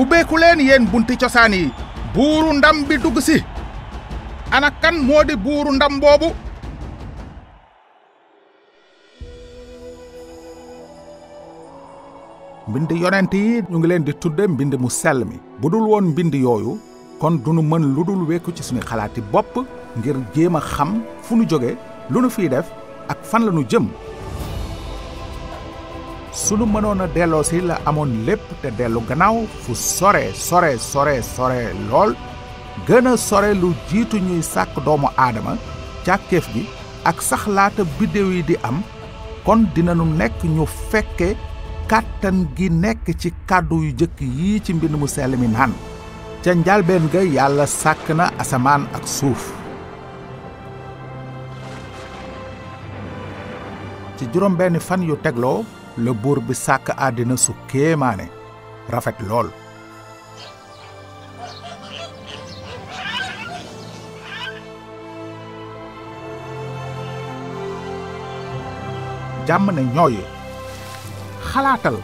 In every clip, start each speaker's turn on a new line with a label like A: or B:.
A: ubbeeku leen yéen bunti cosaan yi buuru ndam bi dugg si ana kan moo di buuru ndam boobu mbind yonent yi ñu ngi leen di tudde mbind mu sell mi bu dul woon mbind yooyu kon duñu mën lu dul wekku ci suñu xalaati bopp ngir jéem a xam fu nu jóge lu nu fiy def ak fan la jëm sunu mënoon a delloo si la amoon lépp te dellu gannaaw fu sore sore sore sore lool gëna a sore lu jiitu ñuy sàkk doomu aadama càkkeef gi ak sax laata biddéew yi di am kon dinañu nekk ñu fekke kàttan gi nekk ci kàddu yu jëkk yii ci mbind mu sell naan ca njalbeen ga yàlla sàkk na asamaan ak suuf ci juróom fan yu tegloo la bi sàkk àddina su kéemaane rafet lool jàmm ne ñooyu xalaatal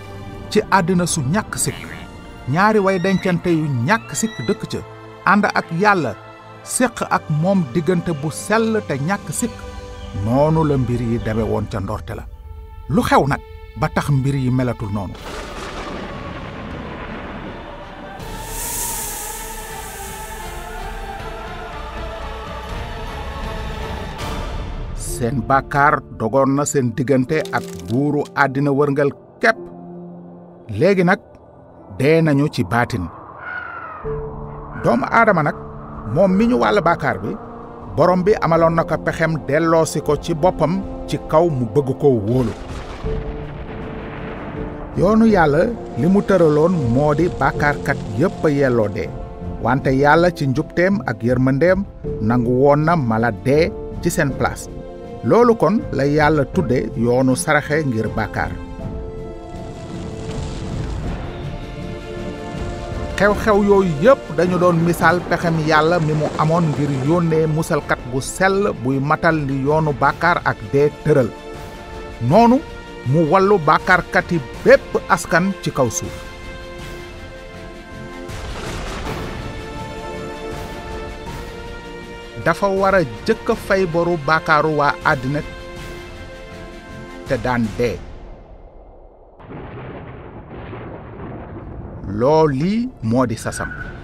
A: ci àddina su ñàkk sikk ñaari way dencante yu ñàkk sikk dëkk ca ànd ak yàlla séq ak moom diggante bu sell te ñàkk sikk noonu la mbir yi deme woon ca ndorte la lu xew nag ba tax mbir yi melatul noonu seen bàkkaar dogoon na seen diggante ak buuru àddina wërngal képp léegi nag dey nañu ci baatin doomu aadama nag moom mi ñu wàll bàkkaar bi borom bi amaloon na ko pexem delloosi ko ci boppam ci kaw mu bëgg ko wóolu yoonu yàlla li mu tëraloon moo di bàkkaarkat yépp a yelloo dee wante yàlla ci njubteem ak yërmandeem nangu woon na mala dee ci seen place loolu kon la yàlla tudde yoonu saraxe ngir bàkkaar xew-xew yooyu yépp dañu doon misaal pexem yàlla mi mu amoon ngir yónnee musalkat bu sell buy matal ni yoonu bàkkaar ak dee tëral noonu mu wallu bàkkaarkati bépp askan ci kaw suuf dafa war a jëkk a fay boru bàkkaaru waa àddina te daan dee lool lii moo di sasam